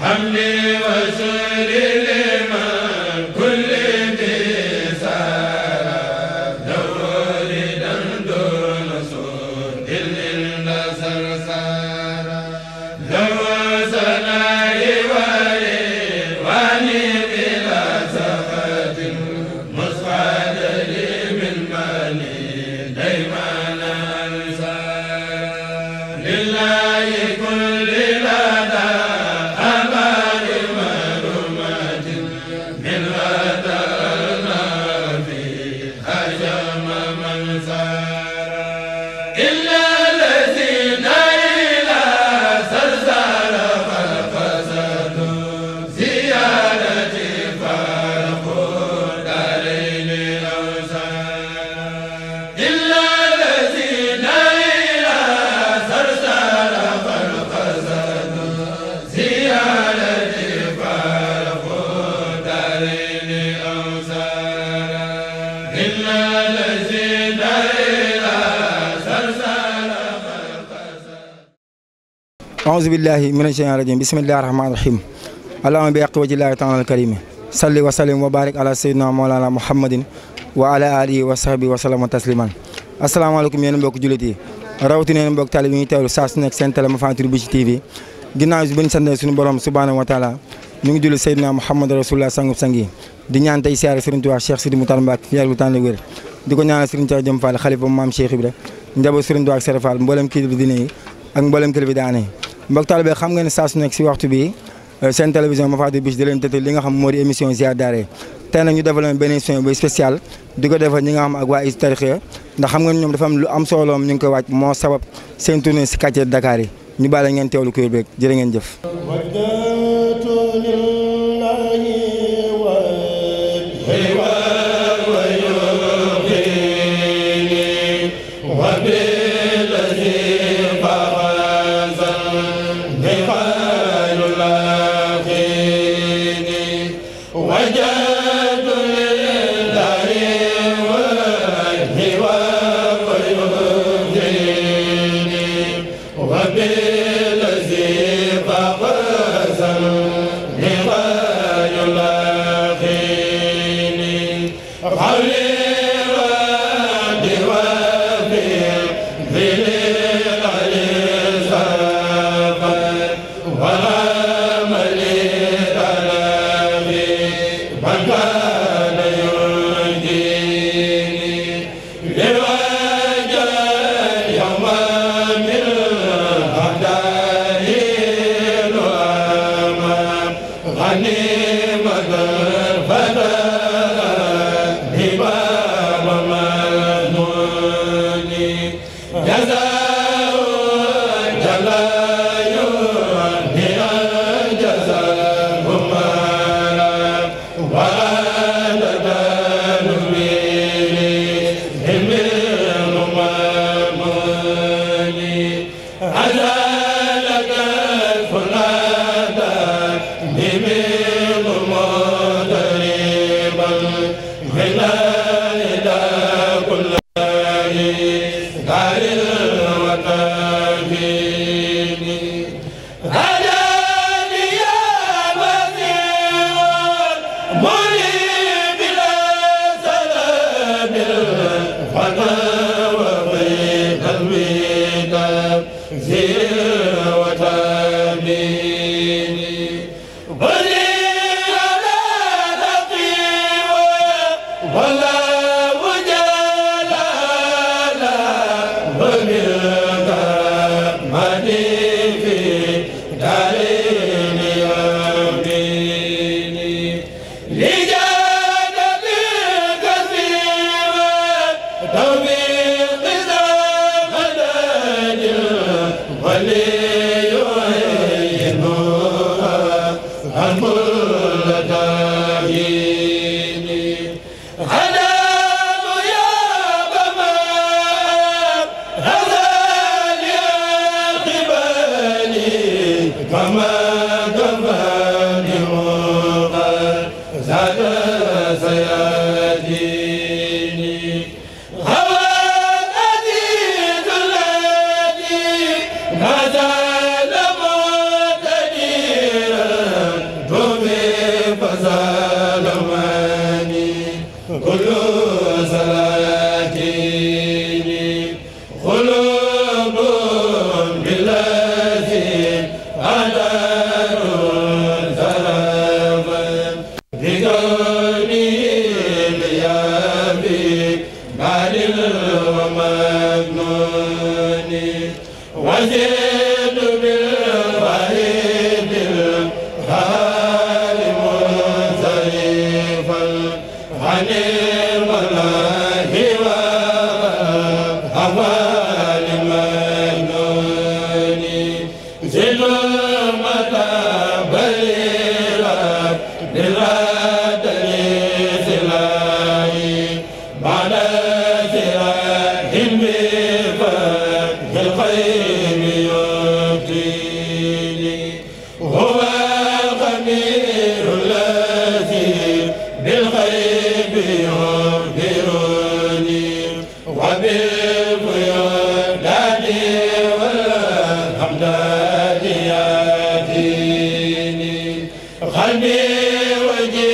hamdi wa aousubillahi mina shaytan rajim bisimillahi rahmani rahim allahuma bi aqi wajillahi taala alkarimi salli wa sallim wa barik ala sayyidina mawlana muhammadin wa ala alihi wa sahbi wa salama tasliman asalaamaaleykum yéen mbokk jullit yi rawatina yéen mbokk taalib yi ñuy teewlu saa su nekk seen télé ma fantur bi ci TV ginnaaw bi ñu santee suñu borom subhanahu wa taala ñu ngi julli sayyidina muhammad rasulullah sangub sang yi di ñaan tey siyaare Serigne Touba Cheikh Sidi Moutar Mbacke fi yàlla bu tànn wér di ko ñaanal Serigne Touba Jëm Fall xalifa maam Cheikh Ibra njaboot Serigne Touba ak Serre Fall mboolem kilifa diine yi ak mboolem kilifa daane mbokk taalibe xam nga ne saa su nekk si waxtu bi euh, seen télévision ma faa di bis di leen li nga xam moo di émission ziar daare tey nag ñu defal leen benn bu spécial di ko defal ñi nga xam ak waa is ndax xam nga ñoom dafa lu am soloom ñu ngi koy wàcc moo sabab seen tournée si quartier Dakar yi ñu bàyyi ngeen teewlu kuréel beeg jërë ngeen jëf jaza كما wa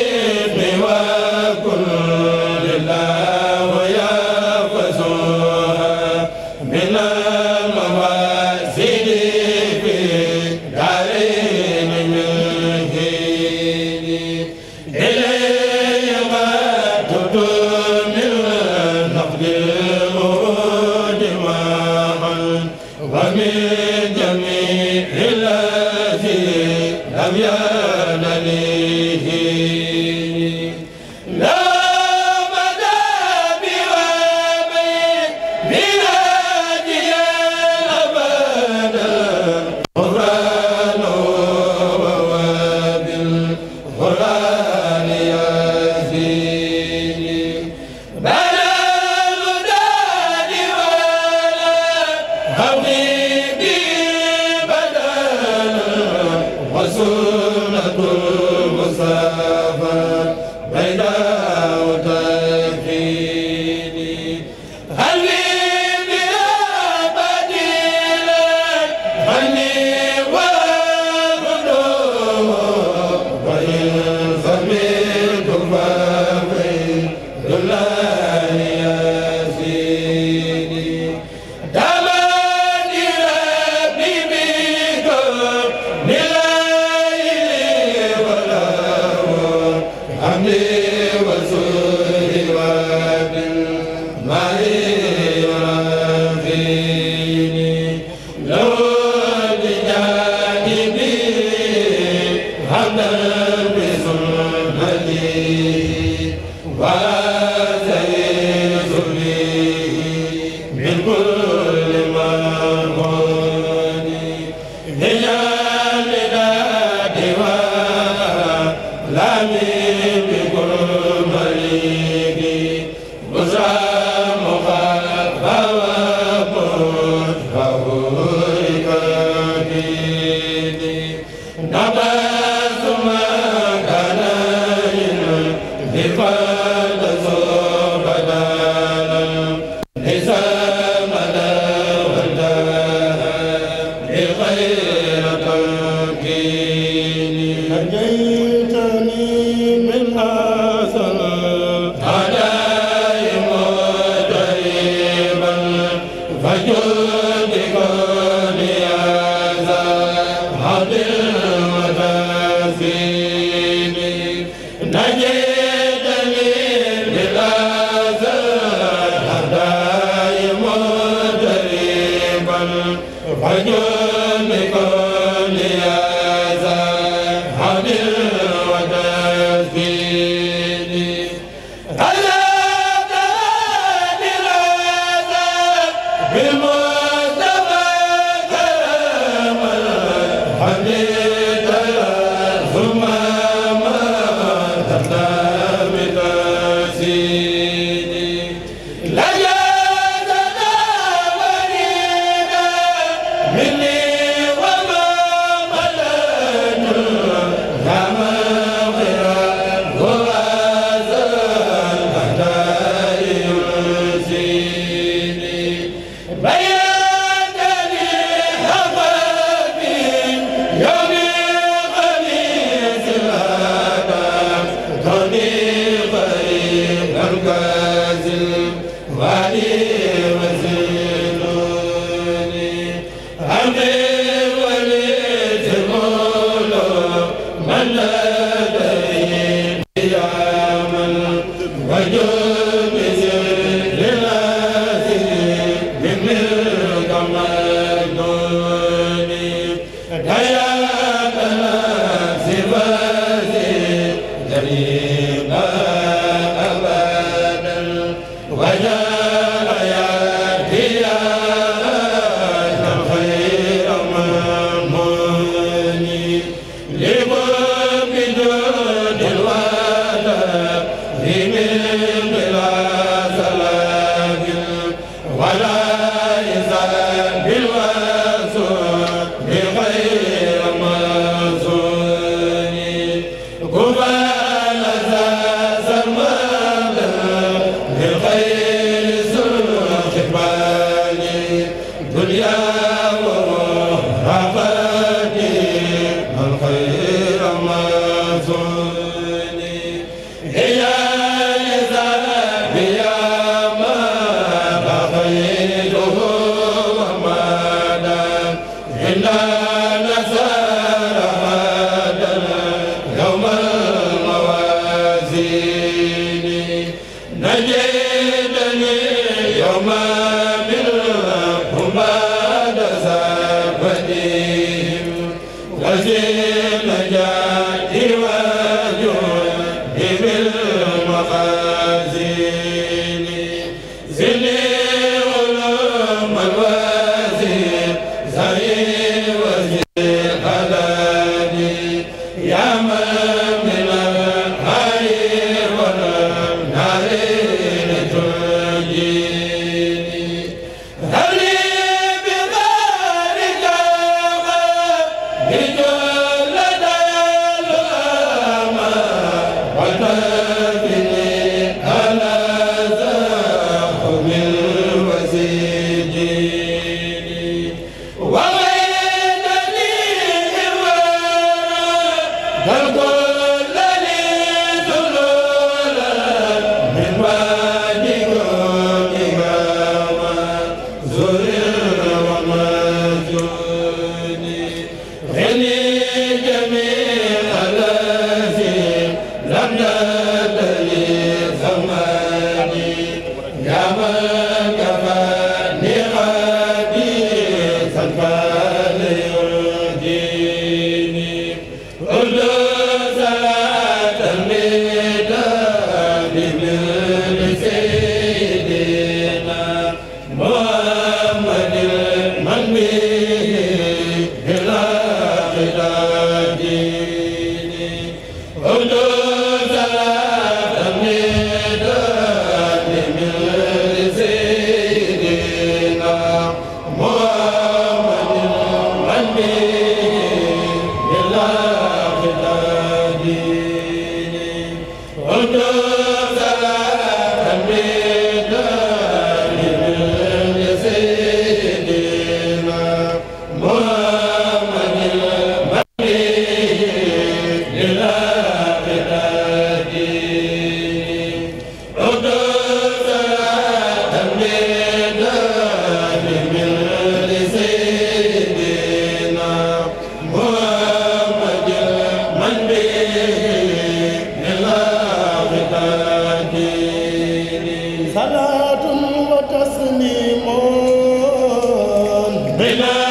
Bella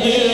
ni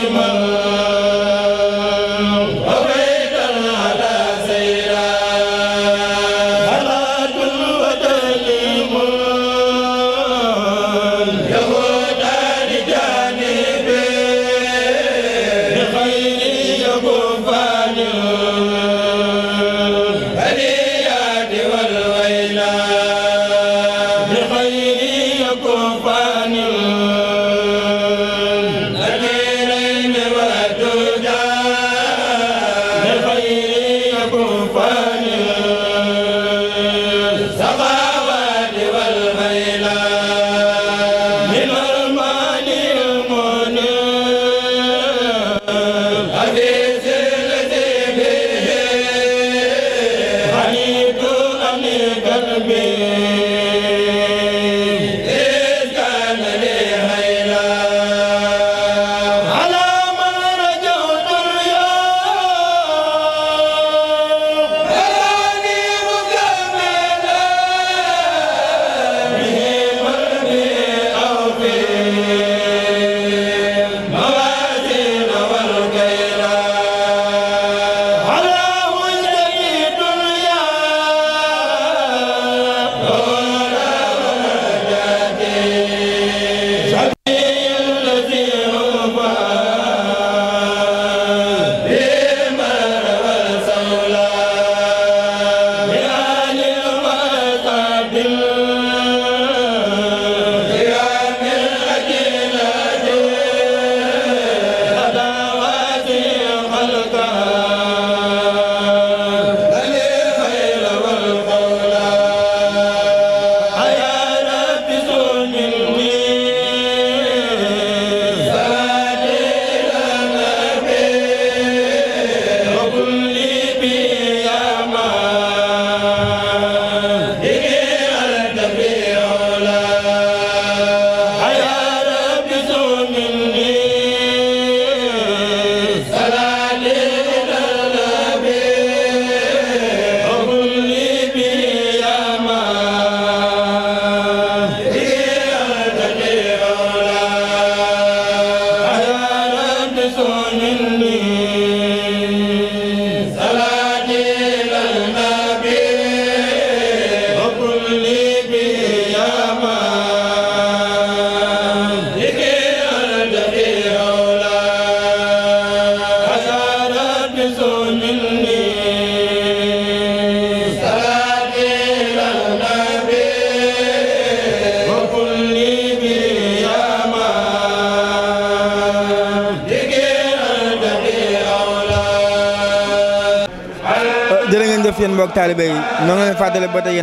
àndale ba tey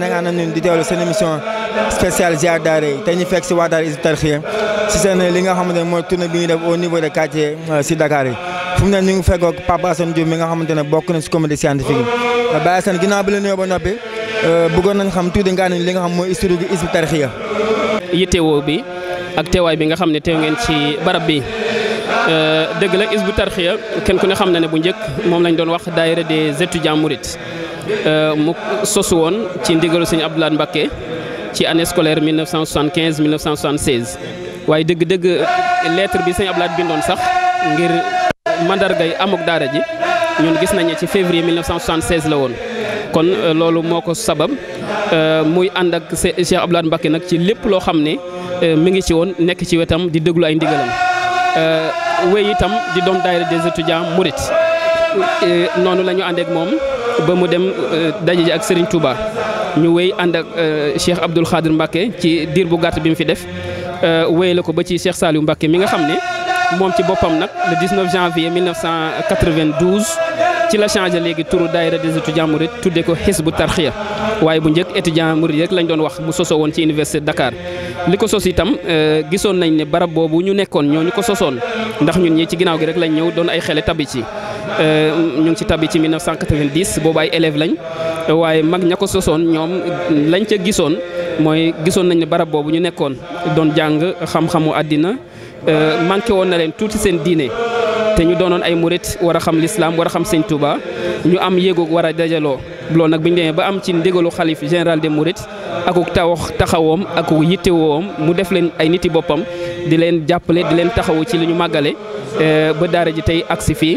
di teewlu seen émission spéciale ziar daara yi tey ñu fekk si waa daara li nga xamante ne mooy tournée bi ñuy def de quartier euh, si Dakar yi mi nga xamante ne bokk na si comité scientifique yi euh, Baye Assane bi euh, li nga xam mooy histoire gi Hizbut Tarqiyyah yittewoo bi ak teewaay bi nga xam ne teew ngeen ci barab bi dëgg la Hizbut Tarqiyyah kenn ku ne xam na ne bu njëkk moom lañ doon wax daayira des étudiants mourides Euh, mu sosu woon ci ndigalu sëñ Abdoulaye Mbacké ci année scolaire 1975 1976 waaye dëgg-dëgg lettre bi sëñ Abdoulaye bindoon sax ngir mandargay amuk daara ji ñun gis nañu ci février 1976 la woon kon euh, loolu moo ko sabab euh, muy ànd ak Cheikh Abdoulaye Mbacké nag ci lépp loo xam ne mu ngi ci woon nekk ci wetam di déglu ay ndigalam wéy itam di doon daayira des étudiants murit noonu la àndeek moom ba mu dem euh, daje ji ak Serigne Touba ñu wéy ànd ak euh, Cheikh Abdoul Khadir Mbacke ci diir bu gàtt bi mu fi def euh, wéy la ko ba ci Cheikh Saliou Mbacke mi nga xam ne moom ci boppam nag le 19 janvier 1992. ci la changé léegi turu daayira des étudiants murid tuddee ko bu Hizbu Tarxiya waaye bu njëkk étudiant murid rek lañ doon wax mu sosoo woon ci université Dakar li ko sos itam euh, gisoon nañ ne barab boobu ñu nekkoon ñoo ñu ko sosoon ndax ñun ñi ci ginnaaw gi rek lañ ñëw doon ay xele tabi ci euh, ñu ngi ci tabi ci 1990 boobu ay élèves lañ waaye mag ña sosoon ñoom lañ ca gisoon mooy gisoon nañ ne barab boobu ñu nekkoon doon jàng xam-xamu àddina euh, manqué woon na leen tuuti seen diine te ñu doonoon ay murit war a xam lislaam war a xam sëñ Touba ñu am yéegoog war a dajaloo loolu nag bi ñu demee ba am ci ndigalu xalif général de Mourides akuk tawax taxawoom akuk yittewoom mu def leen ay niti boppam di leen jàppale di leen taxawu ci li ñu màggale Euh, ba daara ji tey agsi fii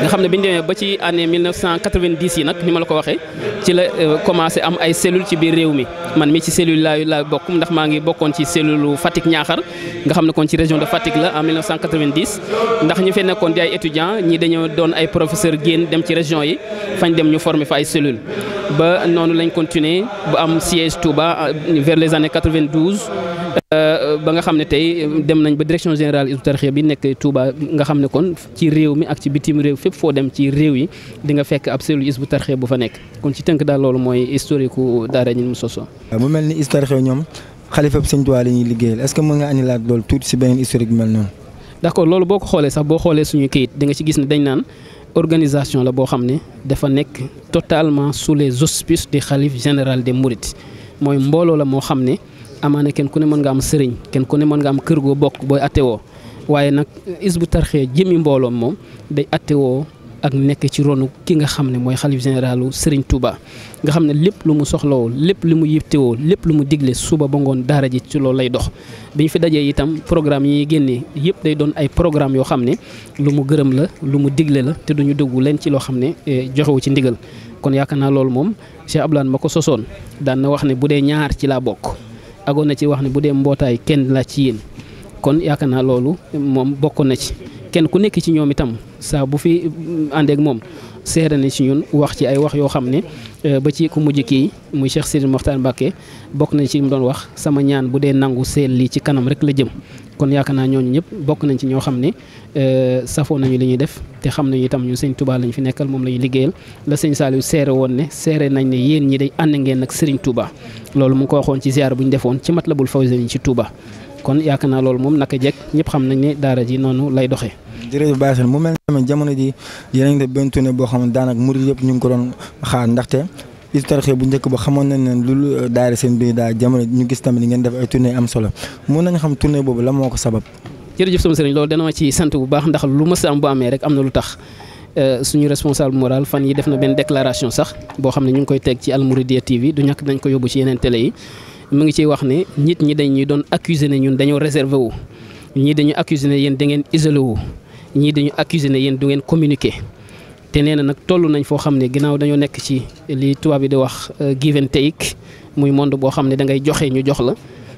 nga xam ne bi ñu demee ba ci année 1990 yi nag ni ma la ko waxee ci la euh, commencé am ay cellule ci biir réew mi man mi ci cellule laa laa bokk ndax maa ngi bokkoon ci cellule Fatick ñaaxar nga xam ne kon ci région de Fatick la en 1990 ndax ñu fee nekkoon di ay étudiants ñi dañoo doon ay professeurs génn dem ci région yi fañ dem ñu former fa ay cellules ba noonu lañ continuer bu am siège Touba euh, vers les années 92. ba nga xam ne tey dem nañ ba direction générale Hizbut bi nekk Touba nga xam ne kon ci réew mi ak ci bitim réew fépp foo dem ci réew yi di nga fekk ab cellule Hizbut Tarqiyyah bu fa nekk kon ci tënk daal loolu mooy historique daara ñi mu soso euh, mu mel ni Hizbut Tarqiyyah ñoom xalifa bi Sëñ Tuubaa la ñuy liggéeyal est-ce que mën nga anilaat loolu tuuti si beneen historique bi mel noonu. d'accord loolu boo ko xoolee sax boo xoolee suñu kayit di nga ci gis ne dañ naan organisation la boo xam ne dafa nekk totalement sous les auspices du khalife général des mourides mooy mbooloo la moo xam ne amaana kenn ku ne mën nga am sëriñ kenn ku ne mën nga am kër goo bokk booy attewoo waaye nag bu Tarqiyyah jëmi mbooloom moom day woo ak nekk ci ronu ki nga xam ne mooy xalif généralu Serigne Touba nga xam ne lépp lu mu soxla soxlawoo lépp lu mu yittewoo lépp lu mu digle suba ba ngoon daara ji ci loolu lay dox bi ñu fi dajee itam programme yi génne yëpp day doon ay programme yoo xam ne lu mu gërëm la lu mu digle la te du ñu dugg leen ci loo xam ne eh, joxewu ci ndigal kon yaakaar naa loolu moom Cheikh Abdoulaye ma wax ne ci laa bokk agoon na ci wax ne bu dee mbootaay kenn la ci yéen kon yaakaar naa loolu moom bokkoon na ci kenn ku nekk ci ñoom itam saa bu fi àndeek moom seere nañ ci ñun wax ci ay wax yoo xam ne euh, ba ci ku mujj kii muy Cheikh Sidi Mokhtar Mbacké bokk na ci mu doon wax sama ñaan bu dee nangu seen lii ci kanam rek la jëm kon yaakaar naa ñooñu ñëpp bokk nañ ci ñoo xam ne euh, safoo nañu li ñuy def te xam nañu itam ñun sëñ Touba lañ fi nekkal moom la ñu liggéeyal la sëñ Saliou seere woon ne seere nañ ne yéen ñi day ànd ngeen ak Serigne Touba loolu mu ngi ko waxoon ci ziar bu ñu defoon ci mat la bul Matlabul Fawzayni ci Touba kon yaakaar naa loolu moom naka jekk ñëpp xam nañ ne daara ji noonu lay doxee. jërëjëf Baye Sène mu mel ne jamono ji yéen a ngi boo xam ne daanaka murid yëpp ñu ngi ko doon xaar ndaxte historique bu njëkk ba xamoon nañ ne loolu daara seen biir daal jamono ñu gis tamit ngeen def ay tournée am solo mun xam tournée boobu la moo ko sabab. jërëjëf sama sëriñ loolu dana ma ci sant bu baax ndax lu mës a am bu amee rek am na lu tax euh, suñu responsable moral fan yi def na benn déclaration sax boo xam ne ñu ngi koy teg ci Al Mouridiyyah TV du ñàkk nañ ko yóbbu ci yeneen télé yi mu ngi ciy wax ni nit ñi dañ ñuy doon accuser ne ñun dañoo réserver wu ñii dañu accuser ne yéen da ngeen isolé wu ñii dañu accuser ne yéen du ngeen communiquer te nee na nag toll nañ foo xam ne ginnaaw dañoo nekk ci li tubaab yi di wax euh, give and muy monde boo xam ne da ngay joxe ñu jox la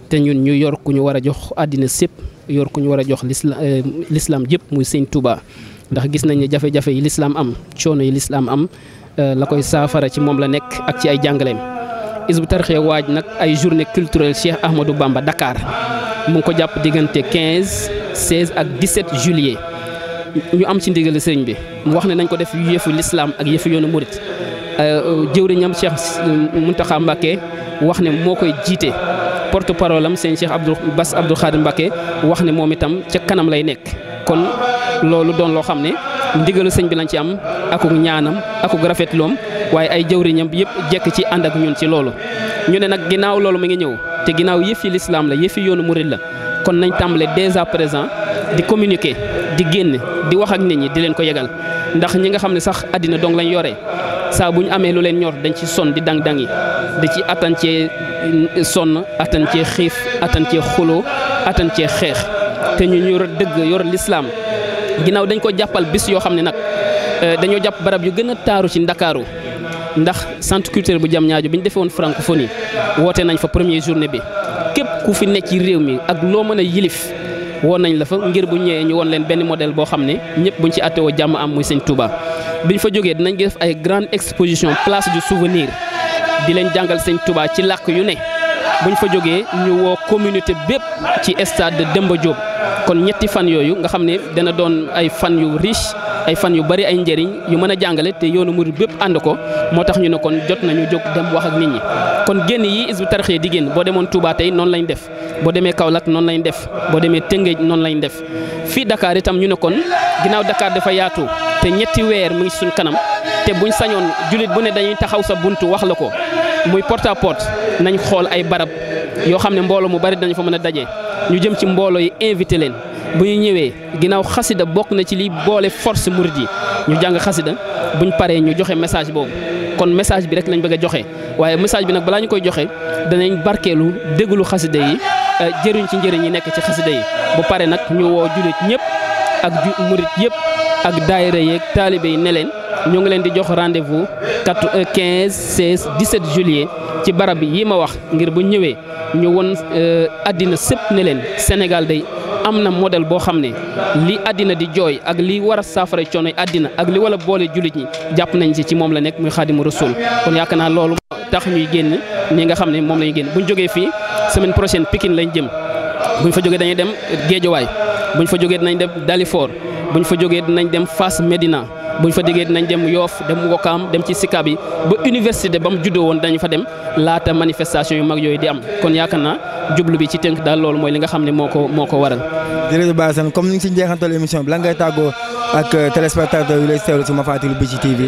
te ñun ñu yor ku ñu war a jox àddina sépp yor ku ñu war a jox euh, l'islam l'islam jëpp muy sëñ Touba ndax gis nañ ne jafe-jafe yi l'islam am coono yi l'islam am euh, la koy saafara ci moom la nekk ak ci ay jàngaleem Hizbut Tarqiyyah waaj nag ay journée culturelle Cheikh Ahmadou Bamba Dakar mu ngi ko jàpp diggante 15 16 ak 17 juillet ñu am ci ndigal sëriñ bi mu wax ne nañ ko def yëfu lislaam ak yëfu yoonu murit euh, jëwriñam Cheikh Mountakha Mbacké wax ne moo koy jiite porte parole am seen Cheikh Abdou Bass wax ne moom itam ca kanam lay nekk kon loolu doon loo xam ne ndigalu sëñ bi lañ ci am akuk ñaanam akuk rafetloom waaye ay jëwriñam yëpp jekk ci ànd ak ñun ci loolu ñu ne nag ginnaaw loolu mi ngi ñëw te ginnaaw yëfi lislaam la yëfi yoonu murid la kon nañ tàmbale dès à présent di communiquer di génn di wax ak nit ñi di leen ko yegal ndax ñi nga xam ne sax àddina dong lañ yore saa bu ñu amee lu leen ñor dañ ci sonn di dang-dang yi di ci attan cee eh, sonn attan cee xiif attan cee xuloo attan cee xeex te ñu ñu yor dëgg yor lislaam ginnaaw dañ ko jàppal bis yoo xam ne nag eh, dañoo jàpp barab yu gën a taaru ci Ndakaaru ndax centre culturel bu Diamniadio bi ñu defee woon francophonie woote nañ fa premier journée bi képp ku fi nekk ci réew mi ak loo mën a yilif woon nañ la fa ngir bu ñëwee ñu woon leen benn modèle boo xam ne ñëpp buñ ci attewoo jàmm am muy sëñ Touba. biñ fa jógee dinañ def ay grande exposition place du souvenir di leen jàngal sëñ Touba ci làkk yu ne ñu fa jógee ñu woo communauté bépp ci stade Demba Diop kon ñetti fan yooyu nga xam ne dana doon ay fan yu riche. ay fan yu bari ay njëriñ yu mën a jàngale te yoonu murid bépp ànd ko moo tax ñu ne kon jot nañu jóg dem wax ak nit ñi kon génn yi Hizbut Tarqiyyah di génn boo demoon Touba tey noonu lañu def boo demee Kaolack noonu lañ def boo demee Tëngéej noonu lañ def fii Dakar itam ñu ne kon ginnaaw Dakar dafa yaatu te ñetti weer mu ngi suñ kanam te buñ sañoon jullit bu ne dañuy taxaw sa buntu wax la ko muy porte à porte nañ xool ay barab yoo xam ne mbooloo mu bari dañu fa mën a daje ñu jëm ci mbooloo yi invité leen bu ñu ñëwee ginnaaw xasida bokk na ci li boole force murid yi ñu jàng xasida buñ paree ñu joxe message boobu kon message bi rek lañ bëgg a joxe waaye message bi nag balaa ñu koy joxe danañ barkeelu déglu xasida yi euh, jëriñ ci njëriñ yi nekk ci xasida yi bu paree nag ñu woo jullit ñëpp ak ju murid yëpp ak daayira yeeg taalibe yi ne leen ñoo ngi leen di jox rendez-vous 4 15 16 17 juillet ci barab yi ma wax ngir bu ñëwee ñu won euh, àddina sëpp ne leen Sénégal am na modèle boo xam ne li àddina di jooy ak li war a saafara coono àddina ak li wala boole jullit ñi jàpp nañ si ci moom la nekk muy xaadimu rasul kon yaakaar naa loolu tax ñuy génn ñi nga xam ne moom la ñuy bu ñu jógee fi semaine prochaine pikin lañ jëm ñu fa jógee dañuy dem bu ñu fa jógee dinañ dem Dalifort buñ fa jógee dinañ dem Fass Medina. bu buñ fa déggee dinañ dem Yoff dem Wokam dem ci Sicap yi ba université ba mu juddoo woon dañu fa dem laata manifestation yu mag yooyu di am kon yaakaar naa jublu bi ci tënk daal loolu mooy li nga xam ne moo ko moo ko waral. jërëjëf Baye Assane comme ni nga si njeexantal émission bi lan ngay tàggoo ak euh, téléspectateur yu lay teewlu ci Mafaatihul Bichri TV.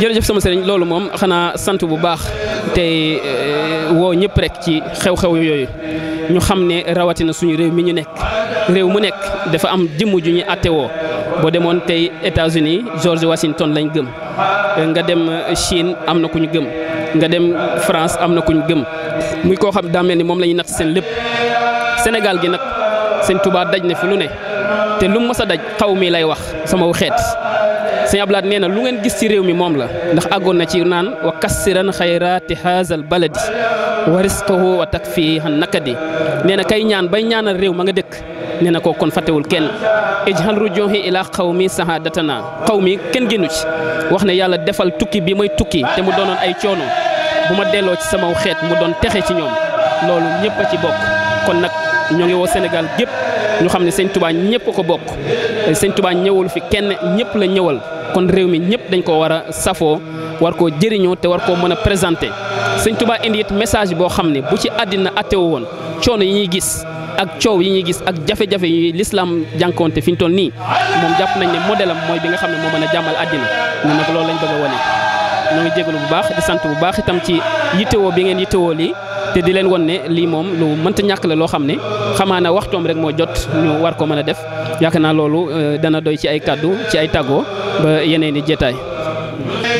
jërëjëf sama sëriñ loolu moom xanaa sant bu baax te euh, woo ñëpp rek ci xew-xew yooyu ñu xam ne rawatina suñu réew mi ñu nekk réew mu nekk dafa am jëmm ju ñu àtte woo boo demoon tey États-Unis George Washington lañ gëm nga dem euh, Chine am na ku ñu gëm nga dem France am na kuñu gëm muy koo xam daa ni moom la ñuy natt seen lépp Sénégal gi nag sëñ tubaab daj na fi lu ne te lu mu mës a daj xaw mii lay wax sama xeet sëñ Ablaat nee na lu ngeen gis ci réew mi moom la ndax àggoon na ci naan wa kassiran xayraati haazal baladi wa risqahu wa takfiihan nakadi nee na kay ñaan bay ñaanal réew ma nga dëkk nee na ko kon fàttewul kenn ijhal rujuhi ila naa sahadatana mi kenn génnu ci wax ne yàlla defal tukki bi may tukki te mu doon ay coono bu ma delloo ci sama xeet mu doon texe ci ñoom loolu ñëpp a ci bokk kon nag ñoo ngi woo Sénégal gépp ñu xam ne sëñ Touba ñëpp ko bokk sëñ Touba ñëwul fi kenn ñëpp la ñëwal kon réew mi ñëpp dañ ko war a safoo war koo jëriñoo te war koo mën a présenter sëñ indi it message boo xam ne bu ci àddina attewu ak coow yi ñu gis ak jafe-jafe yi lislaam jànkoonte fi ñu toll nii moom jàpp nañ ne modèle am mooy bi nga xam ne moo mën a jàmmal àddina ñu nag loolu lañ bëgg a wane ñoo ngi jégalu bu baax di sant bu baax itam ci yittewoo bi ngeen yittewoo lii te di leen won ne lii moom lu mënta ñàkk la loo xam ne xamaa xamaana waxtoom rek moo jot ñu war ko mën a def yaakaar naa loolu euh, dana doy ci ay kàddu ci ay tagoo ba yeneen i jetaay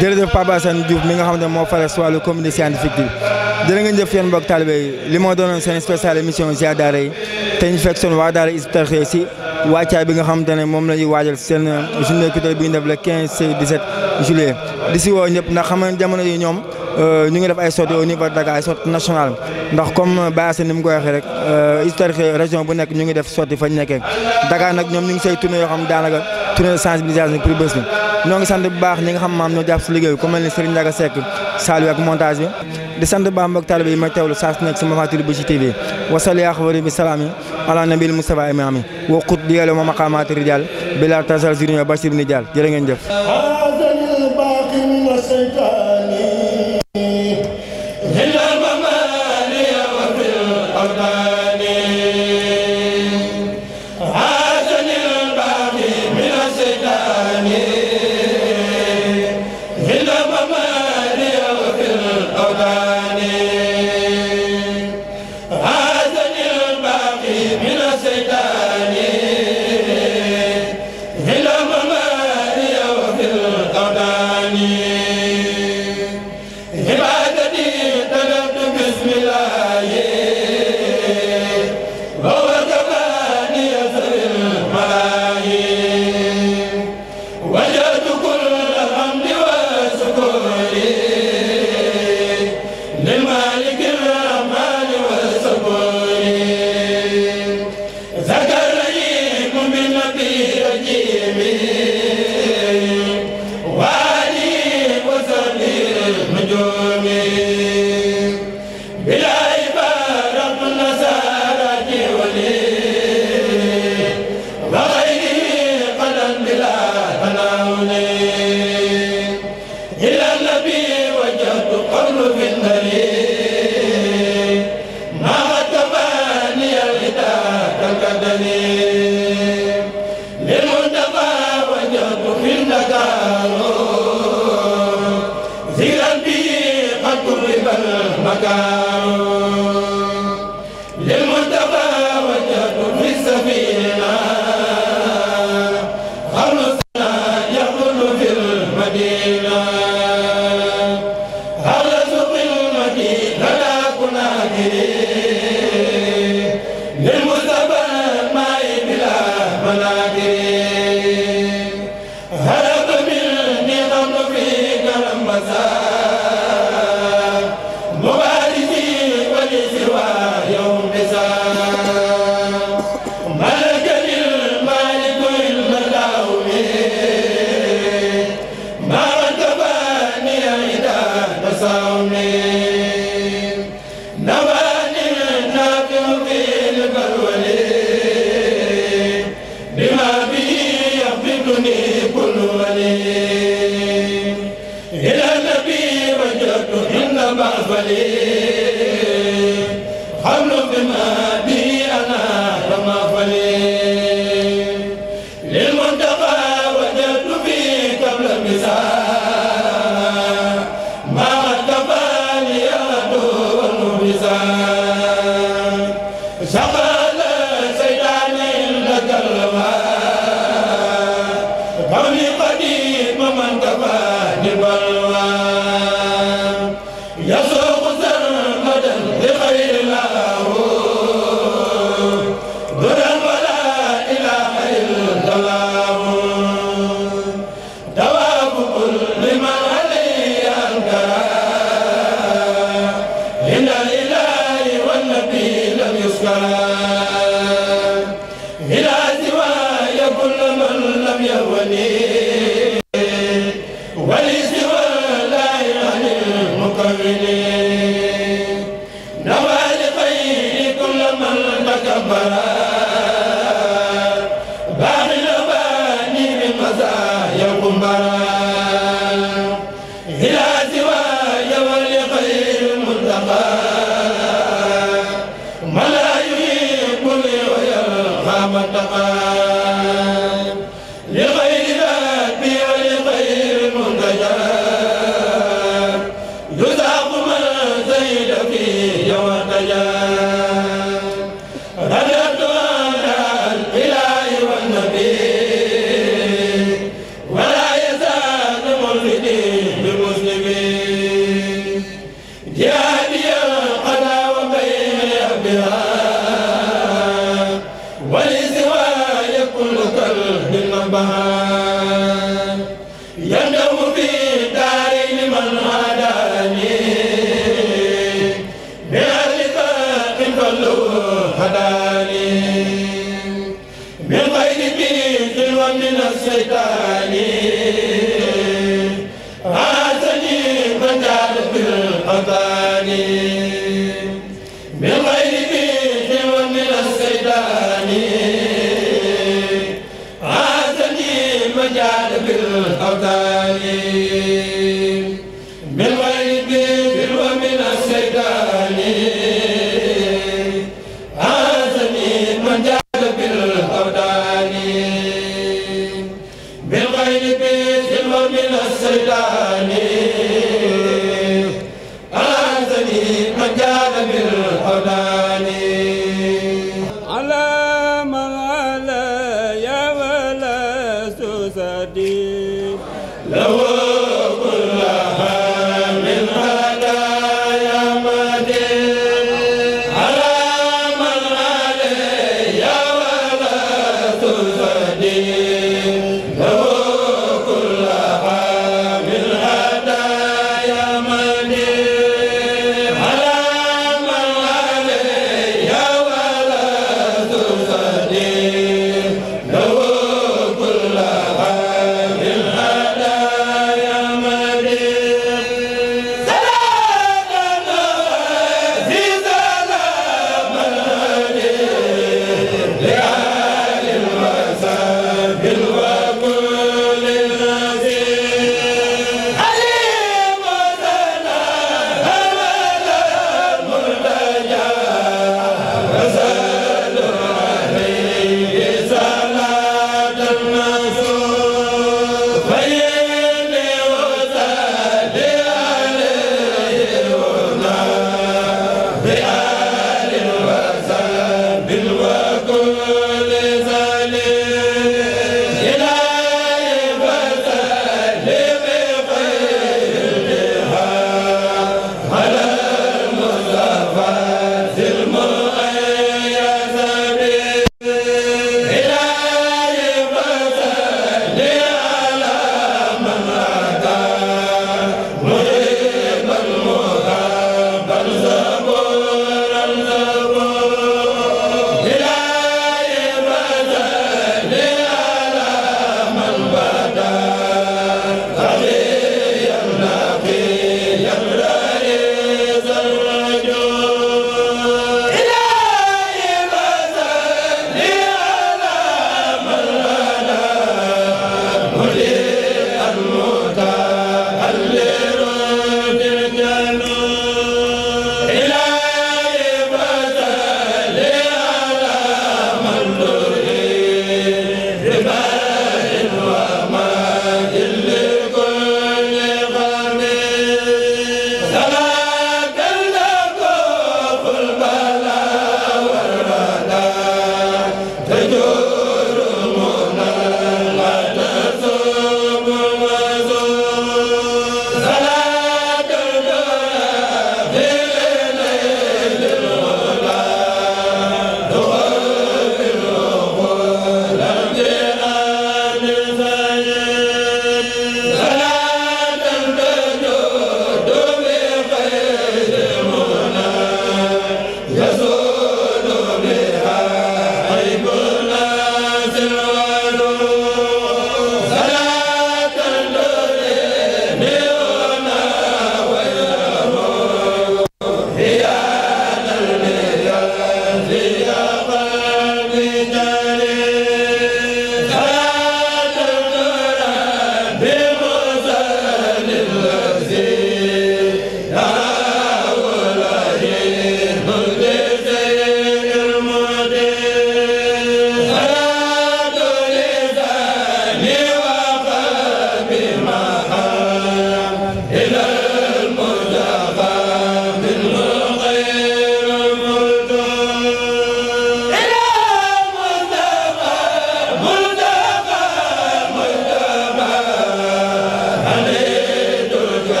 jërëjëf Pape Assane Diouf mi nga xam ne moo faral si wàllu communauté scientifique jërë ngeen jëf yéen mbokk taalibe li moo doonoon seen spécial émission ziar daara yi te ñu waa daara Hizbut Tarqiyyah si wàccaay bi nga xamante ne moom la ñuy waajal seen journée bi ñu def le 15 17 juillet di si woo ñëpp ndax xam nga jamono yi ñoom euh, ñu ngi def ay sorties au niveau de Dakar ay sorties nationales ndax comme Baye Assane ni mu ko waxee rek euh, Hizbut Tarqiyyah région bu nekk ñu ngi def sortie fa ñu nekkee Dakar nag ñoom ñu ngi say tournée yoo xam daanaka tournée de sensibilisation pour bés bi ñoo ngi sant bu baax ñi nga xam maam ñoo jàpp si liggéey ku mel ni Serigne Ndiaga Seck Saliou ak di sant ba mbokk taalibe yi may teewlu saa su nekk si Mafatihu Bichri TV wasali axbari bi salaami ala nabil Mustafa imami wa qut di yàlla ma maqaamaati rijal bila zuriya bashir ni jàll jërë ngeen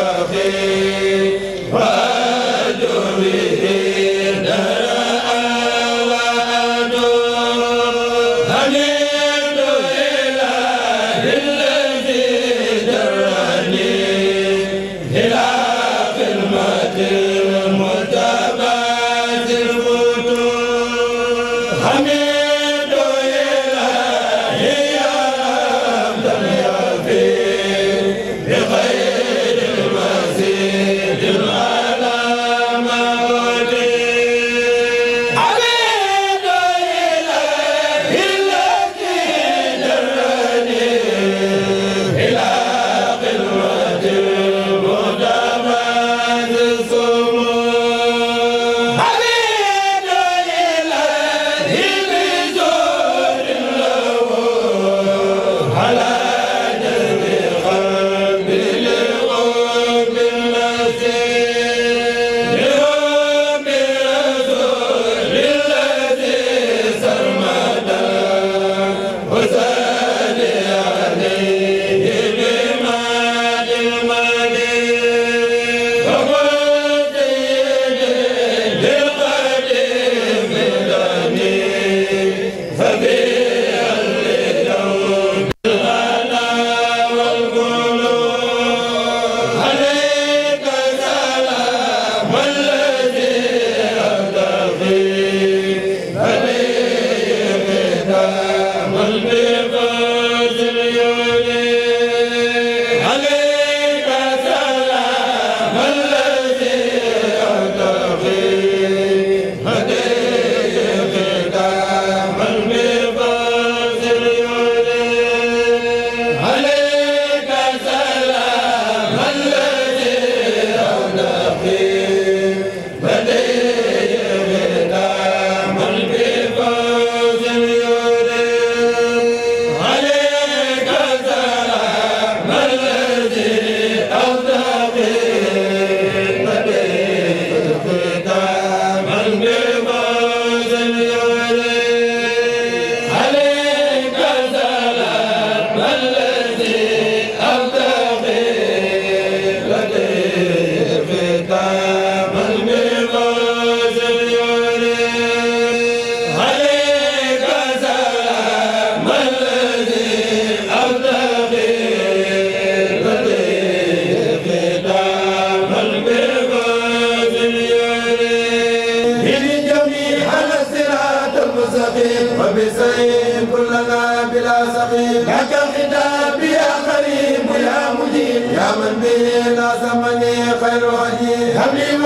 الأخير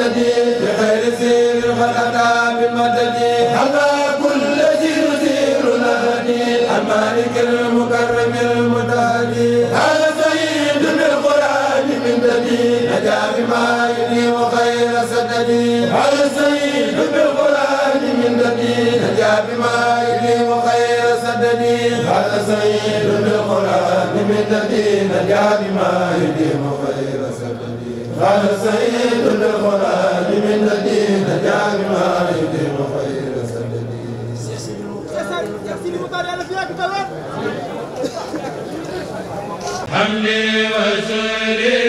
مددي بخير سير الخلقة بمددي على كل شيء نسير نهدي المالك المكرم المتهدي هذا سيد بالقرآن من ددي نجا بما يلي وخير سددي هذا سيد بالقرآن قال سيد القرآن من الدين جامع يدين خير سجدي حمدي وسوري